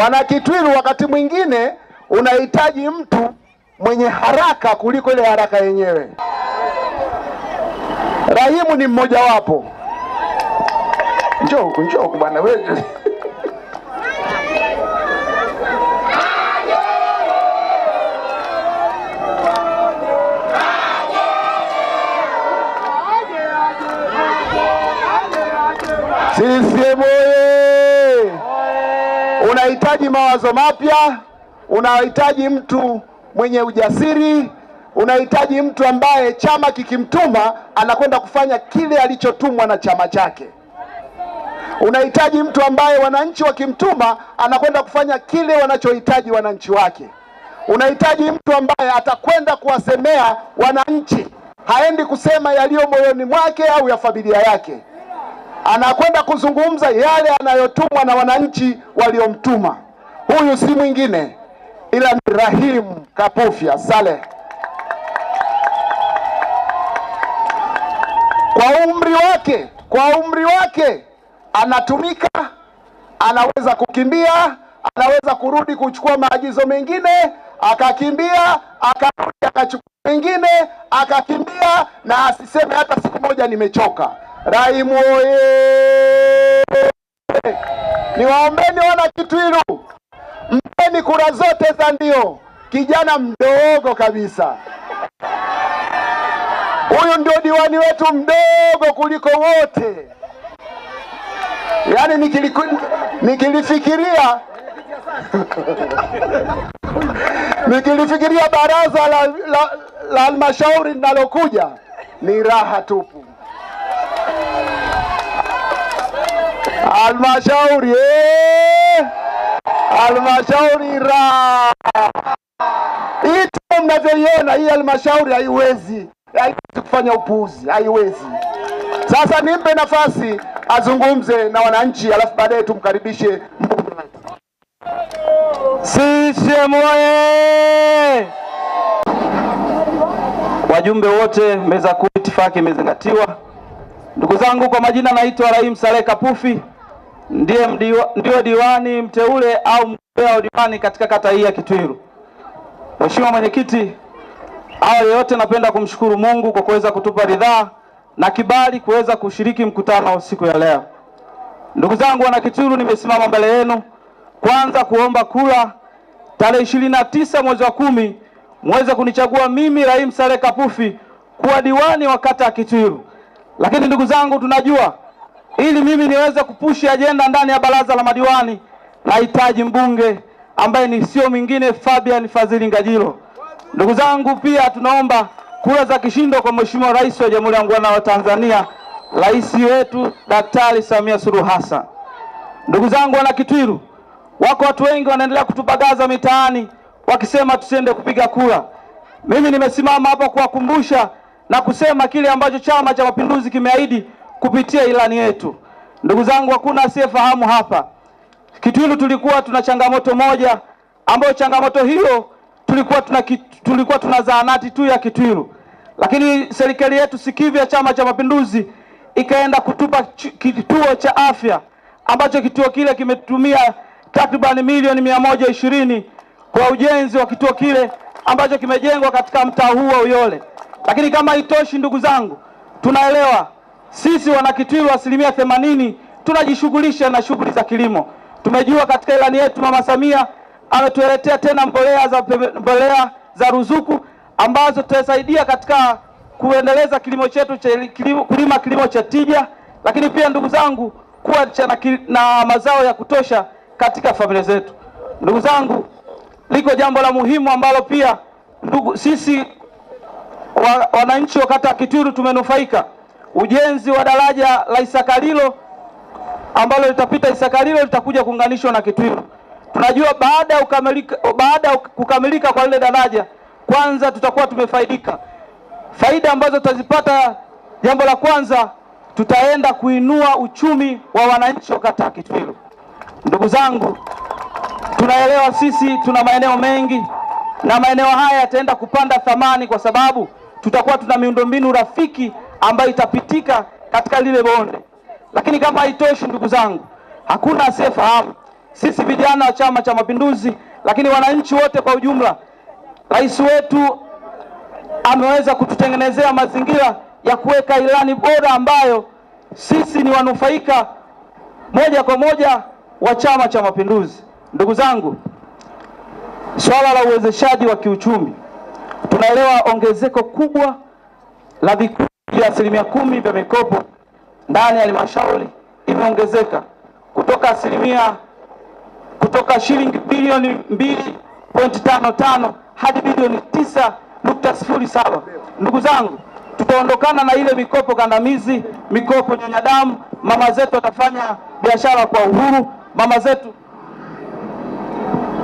Wanakitwiru wakati mwingine unahitaji mtu mwenye haraka kuliko ile haraka yenyewe. Rahimu ni wapo. Njoo njoo bwana wewe. Sisi moyo unahitaji mawazo mapya, unahitaji mtu mwenye ujasiri, unahitaji mtu ambaye chama kikimtuma anakwenda kufanya kile alichotumwa na chama chake. Unahitaji mtu ambaye wananchi wakimtuma anakwenda kufanya kile wanachohitaji wananchi wake. Unahitaji mtu ambaye atakwenda kuwasemea wananchi, haendi kusema yaliyo moyoni mwake au ya familia yake anakwenda kuzungumza yale anayotumwa na wananchi waliomtuma. Huyu si mwingine ila ni Rahim Kapufia Saleh. Kwa umri wake, kwa umri wake anatumika, anaweza kukimbia, anaweza kurudi kuchukua maagizo mengine, akakimbia, akarudi, akachukua mengine, akakimbia, na asiseme hata siku moja nimechoka. Raimu oye! Niwaombeni wana Kitwiru, mpeni kura zote za ndio kijana mdogo kabisa. Huyu ndio diwani wetu mdogo kuliko wote. Yaani nikilifikiria nikilifikiria baraza la halmashauri linalokuja ni raha tupu. halmashauri eh! halmashauri ra ito mnavyoiona hii halmashauri haiwezi haiwezi kufanya upuuzi, haiwezi. Sasa nimpe nafasi azungumze na wananchi, alafu baadaye tumkaribishe CCM oye! Wajumbe wote, meza kuu, itifaki imezingatiwa. Ndugu zangu, kwa majina naitwa Rahim Saleh Kapufi ndiye mdiwa, ndio diwani mteule au mgombea diwani katika kata hii ya Kitwiru. Mheshimiwa Mwenyekiti, awali yote napenda kumshukuru Mungu kwa kuweza kutupa ridhaa na kibali kuweza kushiriki mkutano siku ya leo. Ndugu zangu wana Kitwiru, nimesimama mbele yenu kwanza kuomba kura tarehe ishirini na tisa mwezi wa kumi muweze kunichagua mimi Rahim Saleh Kapufi kuwa diwani wa kata ya Kitwiru. Lakini ndugu zangu tunajua ili mimi niweze kupushi ajenda ndani ya baraza la madiwani, nahitaji mbunge ambaye ni sio mwingine Fabian Fadhili Ngajilo. Ndugu zangu, pia tunaomba kura za kishindo kwa Mheshimiwa Rais wa Jamhuri ya Muungano wa Tanzania, rais wetu Daktari Samia Suluhu Hassan. Ndugu zangu, wana Kitwiru, wako watu wengi wanaendelea kutupagaza mitaani wakisema tusiende kupiga kura. Mimi nimesimama hapa kuwakumbusha na kusema kile ambacho Chama cha Mapinduzi kimeahidi kupitia ilani yetu. Ndugu zangu, hakuna asiyefahamu hapa Kitwilu tulikuwa tuna changamoto moja, ambayo changamoto hiyo tulikuwa tuna tulikuwa tuna zahanati tu ya Kitwilu, lakini serikali yetu sikivu ya Chama cha Mapinduzi ikaenda kutupa kituo cha afya ambacho kituo kile kimetumia takribani milioni mia moja ishirini kwa ujenzi wa kituo kile ambacho kimejengwa katika mtaa huu wa Uyole. Lakini kama itoshi ndugu zangu, tunaelewa sisi Wanakitiru asilimia themanini tunajishughulisha na shughuli za kilimo. Tumejua katika ilani yetu Mama Samia ametueletea tena mbolea za, mbolea za ruzuku ambazo tutasaidia katika kuendeleza kilimo chetu cha kilimo, kulima kilimo cha tija, lakini pia ndugu zangu kuwa na, na mazao ya kutosha katika familia zetu. Ndugu zangu, liko jambo la muhimu ambalo pia ndugu, sisi wananchi wa, wa kata ya tumenufaika ujenzi wa daraja la Isakalilo ambalo litapita Isakalilo litakuja kuunganishwa na Kitwiru. Tunajua baada ya kukamilika, baada kukamilika kwa lile daraja, kwanza tutakuwa tumefaidika. Faida ambazo tutazipata, jambo la kwanza, tutaenda kuinua uchumi wa wananchi wa kata ya Kitwiru. Ndugu zangu, tunaelewa sisi tuna maeneo mengi na maeneo haya yataenda kupanda thamani kwa sababu tutakuwa tuna miundombinu rafiki ambayo itapitika katika lile bonde. Lakini kama haitoshi, ndugu zangu, hakuna asiyefahamu sisi vijana wa Chama cha Mapinduzi, lakini wananchi wote kwa ujumla, rais wetu ameweza kututengenezea mazingira ya kuweka ilani bora ambayo sisi ni wanufaika moja kwa moja wa Chama cha Mapinduzi. Ndugu zangu, swala la uwezeshaji wa kiuchumi, tunaelewa ongezeko kubwa la vikundi vya asilimia kumi vya mikopo ndani ya halmashauri imeongezeka kutoka asilimia kutoka shilingi bilioni tano hadi bilioni saba. Ndugu zangu, tutaondokana na ile mikopo kandamizi, mikopo nyonyadamu. Mama zetu watafanya biashara kwa uhuru, mama zetu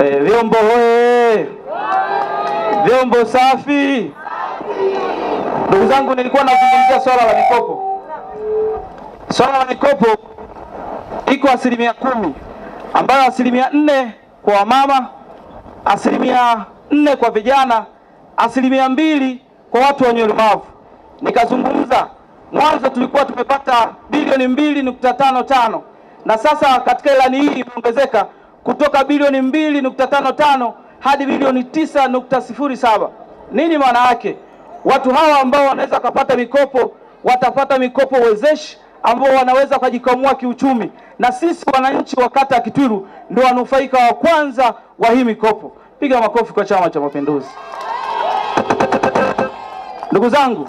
eh, vyombo hoye eh, vyombo safi Ndugu zangu, nilikuwa nazungumzia swala la mikopo. Swala la mikopo iko asilimia kumi ambayo asilimia nne kwa wamama, asilimia nne kwa vijana, asilimia mbili kwa watu wenye ulemavu. Nikazungumza mwanzo tulikuwa tumepata bilioni mbili nukta tano tano na sasa katika ilani hii imeongezeka kutoka bilioni mbili nukta tano tano hadi bilioni tisa nukta sifuri saba. Nini maana yake? Watu hawa ambao wanaweza wakapata mikopo watapata mikopo wezeshi ambao wanaweza kujikamua kiuchumi, na sisi wananchi wa kata ya Kitwiru ndio wanufaika wa kwanza wa hii mikopo. Piga makofi kwa Chama cha Mapinduzi. Ndugu zangu,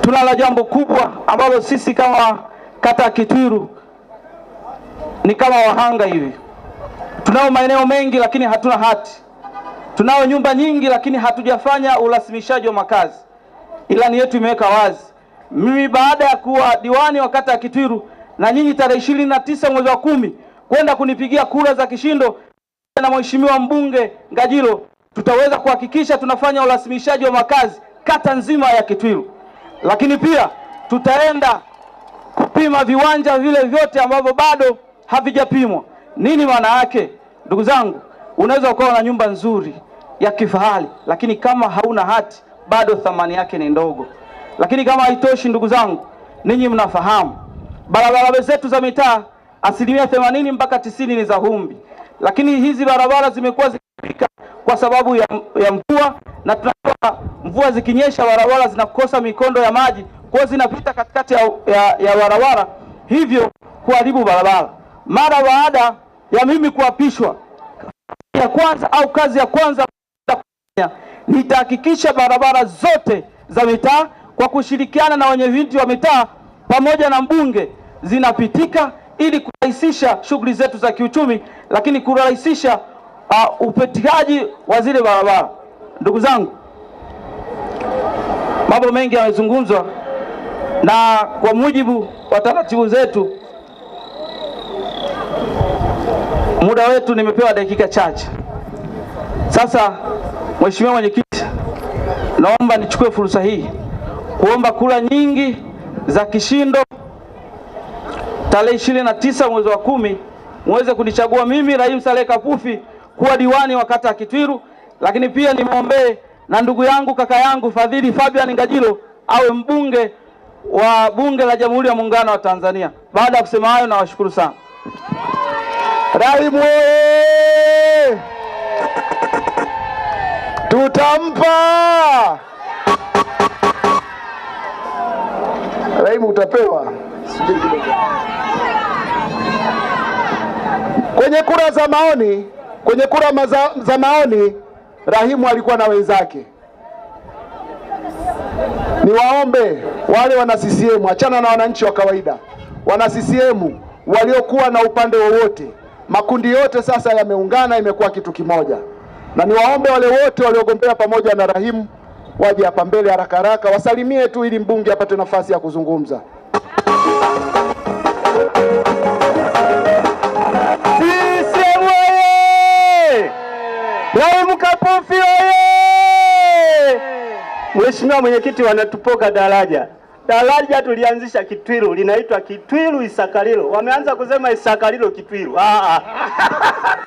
tunalo jambo kubwa ambalo sisi kama kata ya Kitwiru ni kama wahanga hivi. Tunao maeneo mengi lakini hatuna hati Tunao nyumba nyingi, lakini hatujafanya urasimishaji wa makazi. Ilani yetu imeweka wazi. Mimi baada ya kuwa diwani wa kata ya Kitwiru, na nyinyi tarehe ishirini na tisa mwezi wa kumi kwenda kunipigia kura za kishindo na mheshimiwa mbunge Ngajilo, tutaweza kuhakikisha tunafanya urasimishaji wa makazi kata nzima ya Kitwiru, lakini pia tutaenda kupima viwanja vile vyote ambavyo bado havijapimwa. Nini maana yake, ndugu zangu? Unaweza ukawa na nyumba nzuri ya kifahari, lakini kama hauna hati bado thamani yake ni ndogo. Lakini kama haitoshi, ndugu zangu, ninyi mnafahamu barabara zetu za mitaa asilimia themanini mpaka tisini ni za humbi, lakini hizi barabara zimekuwa zikifika kwa sababu ya, ya mvua na tunajua mvua zikinyesha barabara zinakosa mikondo ya maji, kwa zinapita katikati ya barabara, hivyo kuharibu barabara. Mara baada ya mimi kuapishwa ya kwanza au kazi ya kwanza nitahakikisha barabara zote za mitaa kwa kushirikiana na wenyeviti wa mitaa pamoja na mbunge zinapitika ili kurahisisha shughuli zetu za kiuchumi, lakini kurahisisha uh, upitikaji wa zile barabara. Ndugu zangu, mambo mengi yamezungumzwa, na kwa mujibu wa taratibu zetu Muda wetu nimepewa dakika chache. Sasa Mheshimiwa Mwenyekiti, naomba nichukue fursa hii kuomba kura nyingi za kishindo tarehe ishirini na tisa mwezi wa kumi muweze kunichagua mimi Rahim Saleh Kapufi kuwa diwani wa kata ya Kitwiru, lakini pia nimwombee na ndugu yangu kaka yangu Fadhili Fabian Ngajilo awe mbunge wa bunge la Jamhuri ya Muungano wa Tanzania. Baada ya kusema hayo, nawashukuru sana. Raimu oye! Tutampa Raimu, utapewa kwenye kura za maoni. Kwenye kura maza, za maoni Rahimu alikuwa na wenzake. Niwaombe wale wana CCM, achana na wananchi wa kawaida, wana CCM waliokuwa na upande wowote makundi yote sasa yameungana, imekuwa kitu kimoja, na niwaombe wale wote waliogombea pamoja na Rahimu waje hapa mbele haraka haraka, wasalimie tu ili mbunge apate nafasi ya kuzungumza. Sisemu oye! Kapufi oye! Mheshimiwa Mwenyekiti, wanatupoka daraja daraja tulianzisha Kitwiru, linaitwa Kitwiru Isakalilo. Wameanza kusema Isakalilo Kitwiru. Ah, ah.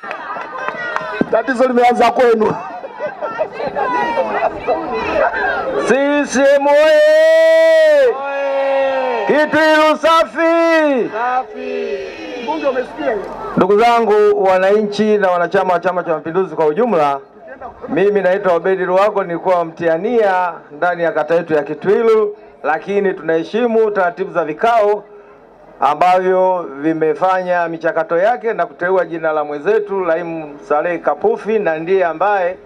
tatizo limeanza kwenu. Sisi moye Kitwiru safi, safi. Ndugu zangu wananchi na wanachama wa Chama cha Mapinduzi kwa ujumla, mimi naitwa Obedi Luhago, nilikuwa mtiania ndani ya kata yetu ya Kitwiru lakini tunaheshimu taratibu za vikao ambavyo vimefanya michakato yake na kuteua jina la mwenzetu Laimu Salehe Kapufi, na ndiye ambaye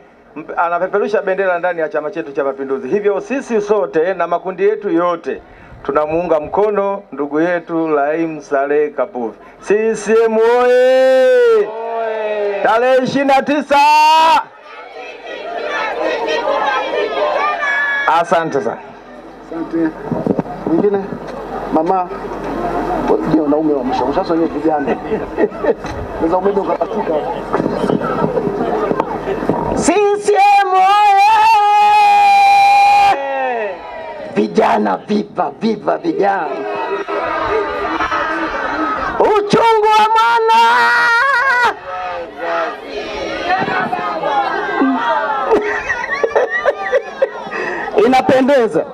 anapeperusha bendera ndani ya chama chetu cha Mapinduzi. Hivyo sisi sote na makundi yetu yote tunamuunga mkono ndugu yetu Laimu Salehe Kapufi. CCM oye! Tarehe ishirini na tisa. Asante sana. Asante. Mwingine mama ndio wanaume wa mwisho. Sasa wewe kijana. Sasa umeme ukapatika. CCM oye! Vijana viva viva vijana. Uchungu wa mwana inapendeza.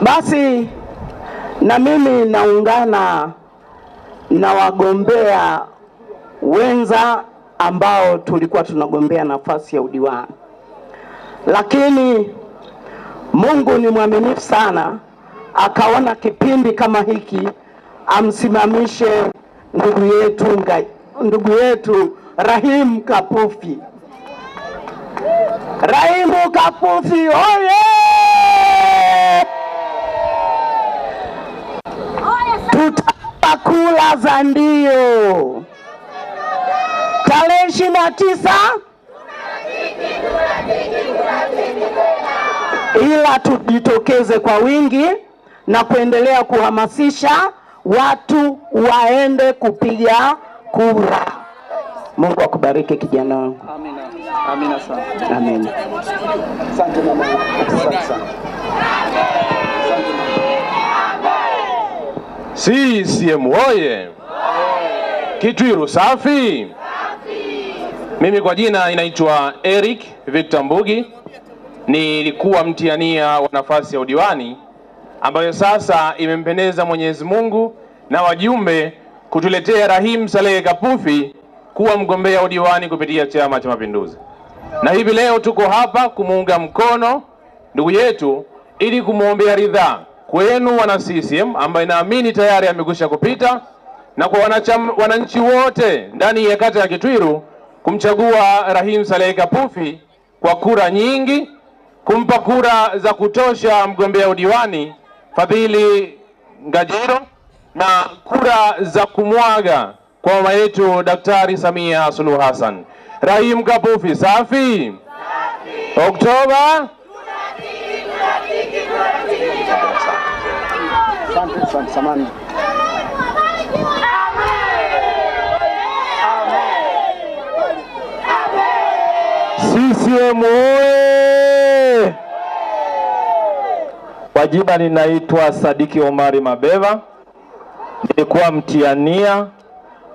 Basi na mimi naungana na wagombea wenza ambao tulikuwa tunagombea nafasi ya udiwani, lakini Mungu ni mwaminifu sana, akaona kipindi kama hiki amsimamishe ndugu yetu ndugu yetu Rahimu Kapufi. Rahimu Kapufi oye! tutapa kula za ndio tarehe ishirini na tisa ila tujitokeze kwa wingi na kuendelea kuhamasisha watu waende kupiga kura. Mungu akubariki kijana wangu. Amina. Amina sana. Amina. Asante mama. Asante sana. CCM oye! Kitwiru safi! Mimi kwa jina inaitwa Eric Victor Mbugi, nilikuwa mtiania wa nafasi ya udiwani ambayo sasa imempendeza Mwenyezi Mungu na wajumbe kutuletea Rahim Salehe Kapufi kuwa mgombea udiwani kupitia Chama cha Mapinduzi, na hivi leo tuko hapa kumuunga mkono ndugu yetu ili kumwombea ridhaa kwenu wana CCM ambaye naamini tayari amekwisha kupita na kwa wanacham, wananchi wote ndani ya kata ya Kitwiru kumchagua Rahim Saleh Kapufi kwa kura nyingi, kumpa kura za kutosha mgombea udiwani Fadhili Ngajiro na kura za kumwaga kwa mama yetu Daktari Samia Suluhu Hassan. Rahim Kapufi safi, safi. Oktoba Asante samani. CCM oye! Kwa ninaitwa Sadiki Omari Mabeva, nilikuwa mtiania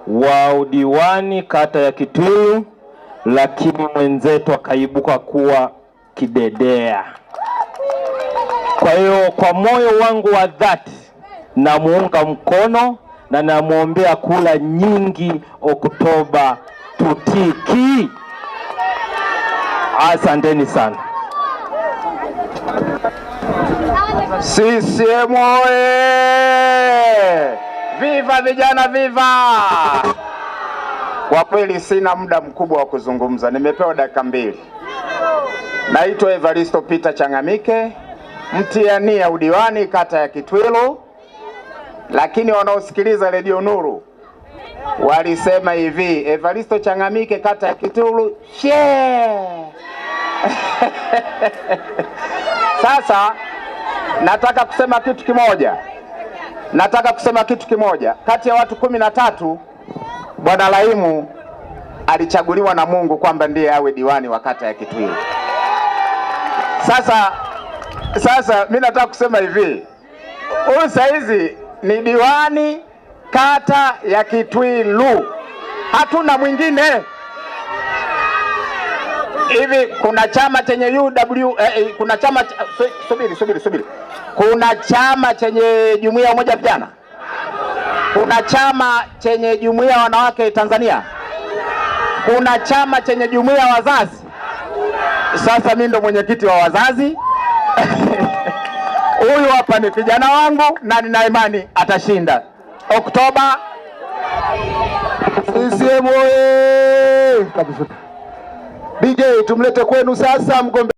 wa udiwani kata ya kitulu lakini mwenzetu akaibuka kuwa kidedea. Kwa hiyo kwa moyo wangu wa dhati namuunga mkono na namwombea kula nyingi Oktoba tutiki. Asanteni sana. CCM oye! Viva vijana, viva! Kwa kweli sina muda mkubwa wa kuzungumza, nimepewa dakika mbili. Naitwa Evaristo Peter Changamike, mtiania udiwani kata ya Kitwilu. Lakini wanaosikiliza redio Nuru walisema hivi, Evaristo Changamike kata ya Kitulu she Sasa nataka kusema kitu kimoja, nataka kusema kitu kimoja. Kati ya watu kumi na tatu bwana Laimu alichaguliwa na Mungu kwamba ndiye awe diwani wa kata ya kitulu Sasa, sasa mimi nataka kusema hivi, huyu saizi ni diwani kata ya Kitwilu, hatuna mwingine. Hivi kuna chama chenye UW, eh, eh, kuna chama ch... subiri, subiri, subiri, kuna chama chenye jumuiya umoja vijana, kuna chama chenye jumuiya wanawake Tanzania, kuna chama chenye jumuiya wazazi. Sasa mimi ndo mwenyekiti wa wazazi Huyu hapa ni kijana wangu na nina imani atashinda Oktoba. CCM oye! DJ tumlete kwenu sasa mgombe